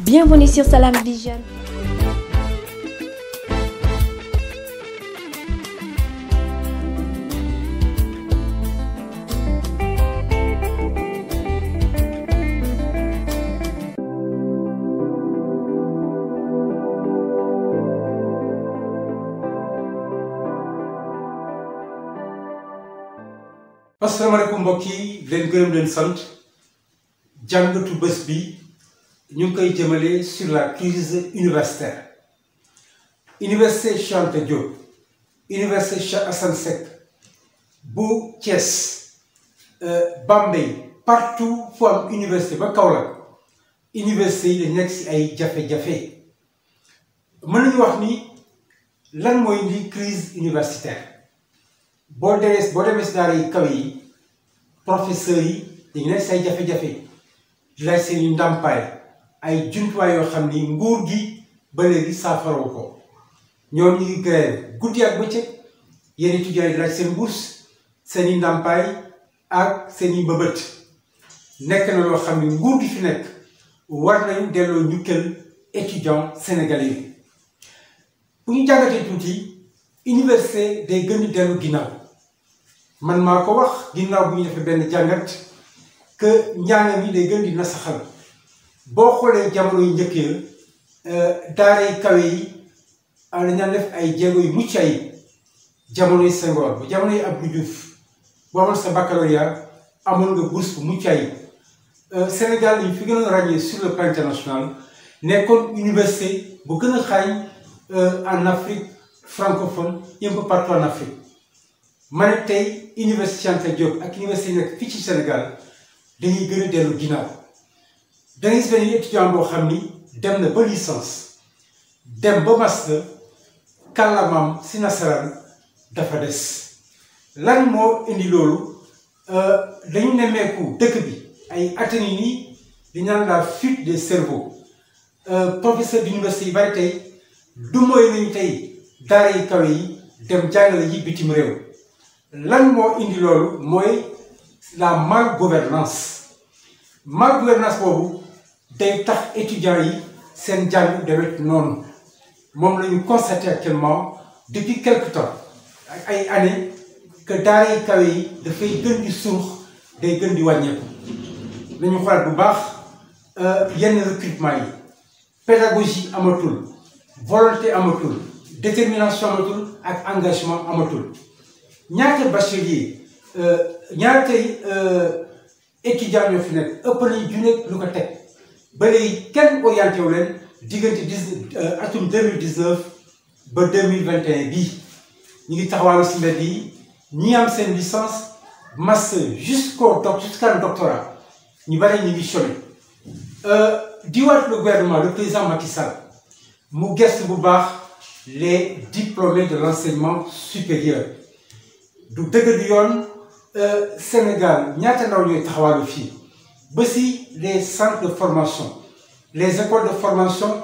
Bienvenue sur Salam Vision. asalaamaaleykum mbokk yi leen gërëm leen sant jàngatu bés bi ñu ngi koy jëmale sur la crise universitaire université Cheikh Anta Diop université Cheikh Assane Seck bu Thiès euh, Bambey partout fu am université ba kaw Kaolack université yi dañ nekk si ay jafe-jafe mën nañu wax ni lan mooy li crise universitaire boo demee boo demee si daara yi kaw yi professeurs yi dañu nekk si ay jafe-jafe di seen i ndàmpaay ay jumtuwaay yoo xam ni nguur gi ba léegi saafarawu ko ñoom ñu ngi grève guddi ak bëccëg yenn étudiants yi laaj seen bourse seen ndàmpaay ak seen mbëbët nekk na loo xam ni nguur gi fi nekk war nañu delloo njukkal étudiants sénégalais yi bu ñu jàngatee tuuti université day gën di dellu ginnaaw man maa ko wax ginnaaw bu ñu defee benn jàngat que njàng mi day gën di nasaxal boo xoolee jamono yu njëkk ya euh, daaray kawe yi ah, dañ daan def ay jéego yu mucc ayib jamono yi Senghor ba jamono yi Abdou Diouf boo amoon sa baccalauréat amoon nga bourse bu mucc ayib euh, Sénégal yi fi gën a ràññee sur le international nekkoon université bu gën a xaañ euh, en Afrique francophone un peu partout en Afrique ma tey université Cheikh Anta Diop ak université yi nekk fii ci Sénégal dañuy gën a dellu ginnaaw dangay gis benn étudiant boo xam ni dem na ba licence dem ba master kàllaamaam si nasaraan dafa des lan moo indi loolu euh, dañu nemmeeku dëkk bi ay atani nii di naan la fuite des cerveaux euh, professeur d'université yi bari tey du mooy nañu tey daara yi kawe yi dem jàngale yi bitim réew lan moo indi loolu mooy la mal gouvernance mal gouvernance boobu day tax étudiants yi seen jàng dewet noonu moom la ñu constaté actuellement depuis quelque temps ak ay années que daara yi kawe yi dafay gën di suux day gën di wàññeeku nañu xoolaat bu baax euh, yenn recrutement yi pédagogie amatul volonté amatul détermination amatul ak engagement amatul ñaata bachelier euh, ñaata euh, étudiants ñoo fi nekk ëpp nañu junne lu ko teg bële yi kenn orienté wu leen diggante euh, atum deux mille ba deux mille vingt et bii ñu ngi taxawaalu si mbedd yi ñi am seen licence master jusqu'au doc jusqu'à doctorat ñu bëri ñu ngi sone euh, diwaat le gouvernement le président Macky Sall mu gëstu bu baax les diplômés de l'enseignement supérieur du dëgg du yoon euh, Sénégal ñaata ndaw ñooy taxawaalu fii. ba si les centres de formation les écoles de formation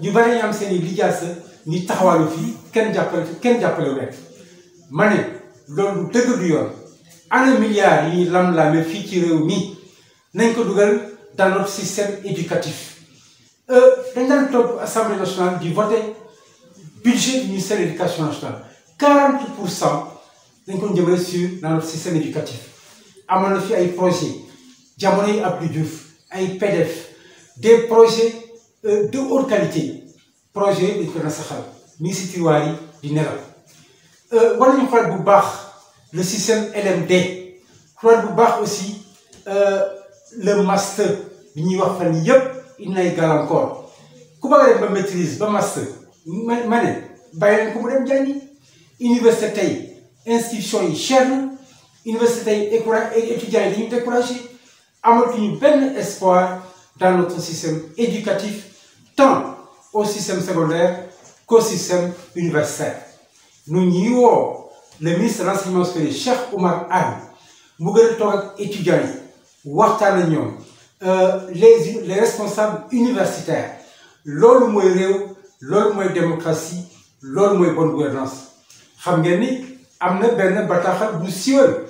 ñu bari ñu am seen i lijaasa ñi taxawaalu fii kenn jàppale kenn jàppale leen ma ne loolu dëgg du yoon ana milliards yi lam-laame fii ci réew mi nañ ko dugal dans notre système éducatif euh, dañ daan toog assemblée nationale di voter budget du ministère de l'éducation pour cent dañ ko jëmale sur dans notre système éducatif amoon na fi ay projets jamono yi Abdou Diouf ay PDEF des projet euh, de haute qualité projet dañ na saxal mi ngi si tiroir yi di nelaw euh, war nañu xoolaat bu baax le système LMD xoolaat bu baax aussi euh, le master bi ñuy wax fan yëpp indi ay gàllankoor ku bëgg a dem ba maîtrise ba master ma ma ne bàyyi leen ko mu dem jàngi université tey institution yi cher na université tey étudiants yi dañu découragé amatuñu benn espoir dans notre système éducatif tant au système secondaire qu'au système universitaire nu ñuy woo le ministre de l'enseignement supérieur Cheikh Oumar mu gën a toog ak étudiants yi waxtaan ak ñoom euh, les les responsables universitaires loolu mooy réew loolu mooy démocratie loolu mooy bonne gouvernance xam ngeen ni am na benn bataaxal bu siiwal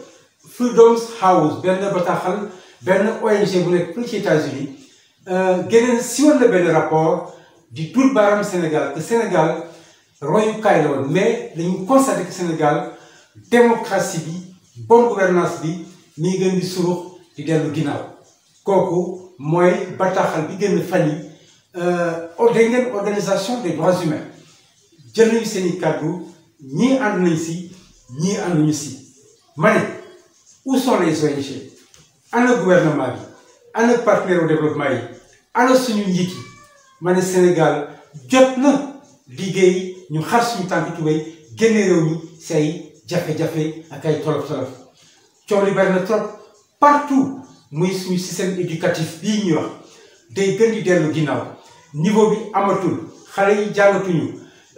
Freedom's House benn bataaxal benn ONG bu nekk fii ci États-Unis euh, génne siwal na benn rapport di tuut baaram Sénégal que Sénégal royukaay la mais dañu constaté que Sénégal démocratie bi bonne gouvernance bi nii gën di surux di dellu ginnaaw kooku mooy bataaxal bi gën a fan yi euh, dégg ngeen organisation des droits humains jël nañu seen i kàddu ñii ànd nañ si ñii ànduñu si ma ne où sont ONG ana gouvernement bi ana partenaire au développement yi ana suñu njiit yi ma Sénégal jot na liggéey ñu xar suñu tànk tubéy génne réew say jafe-jafe ak ay tolof-tolof coow li bari na trop partout muy suñu système éducatif bii ñuy wax day gën di dellu ginnaaw niveau bi amatul xale yi jàngatuñu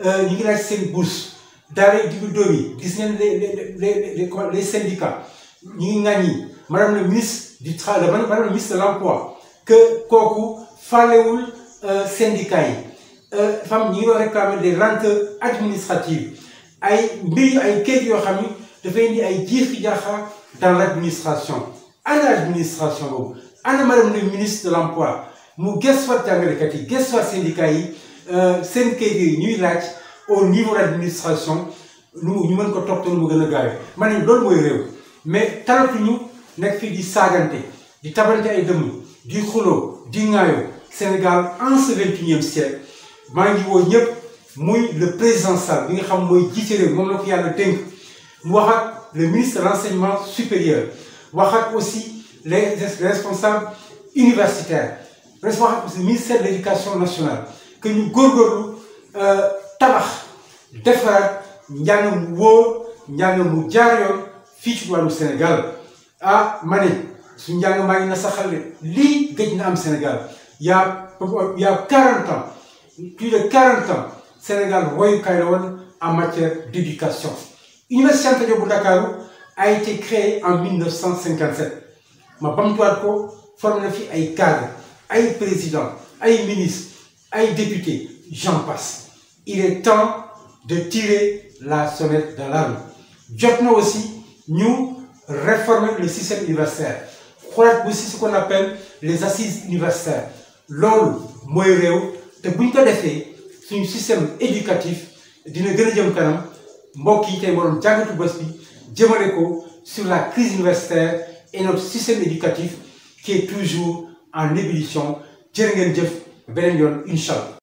euh, ñu ngi laaj seen bourse daara diggu dóom yi gis ngeen les les les syndicats ñu ngi ŋàññi madame le ministre du travail madame le ministre de l'emploi que kooku fàllewul euh, syndicat yi euh, femme ñi ngi doon réclamer des rentes administratives ay mbir ay kayit yoo xam ni dafay indi ay jiixi jaaxa dans l'administration ana administration boobu ana madame le ministre de l'emploi mu gëstuwaat jàngalekat yi gëstuwaat syndicat yi euh, seen kayit yooyu ñuy laaj au niveau de lu ñu mën ko topp te lu mu gën a gaawee ma ne loolu mooy réew mais talatuñu nekk fii di saagante di tabalante ay dëmm di xuloo di ŋaayoo Sénégal en ce vingt-et-unième maa ngi woo ñëpp muy le président Sall bi nga xam mooy jiite réew moom la ko yàlla dénk mu wax ak le ministre de l'enseignement supérieur wax ak aussi les responsables universitaires responsable aussi ministère de l'éducation nationale que ñu góorlu euh, tabax defaraat njàng mu wóor njàng mu jaar yoon fii ci wàllu Sénégal ah ma su suñu njàng maa ngi na saxal lii gëj na am Sénégal yaa yaa 40 ans plus de 40 ans Sénégal royukaay la woon en matière d' éducation. Université Anta Diop bu Ndakaaru ay été créée en 1957 ma bamtuwaat ko formé na fi ay cadres ay présidents ay ministres ay députés j'en passe il est temps de tirer la sonnette d'alarme jot na aussi ñu. réformer le système universitaire xoolaat bu si ce qu'on appelle les assises universitaires loolu mooy réew te buñ ko defee suñu système éducatif dina gën a jëm kanam mbokk yi tey waroon jàngatu bés bi jëmale ko sur la crise universitaire et notre système éducatif qui est toujours en ébullition jërë ngeen jëf beneen yoon incha allah